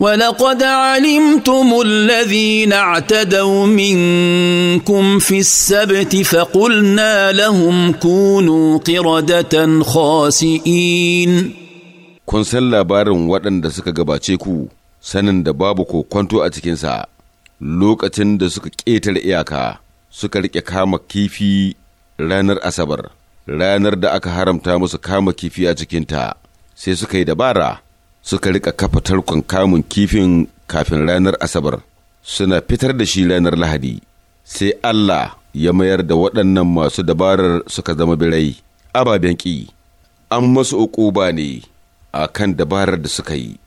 ولقد علمتم الذين اعتدوا منكم في السبت فقلنا لهم كونوا قردة خاسئين kun san labarin waɗanda suka gabace ku sanin da babu ko kwanto a cikinsa lokacin da suka ƙetare iyaka suka riƙe kama kifi ranar asabar ranar da aka haramta musu kama kifi a cikinta sai suka yi dabara suka rika kafa tarkon kamun kifin kafin ranar Asabar, suna fitar da shi ranar Lahadi, sai Allah ya mayar da waɗannan masu dabarar suka zama birai, ababen ƙi, an masu uku ne a kan dabarar da suka yi.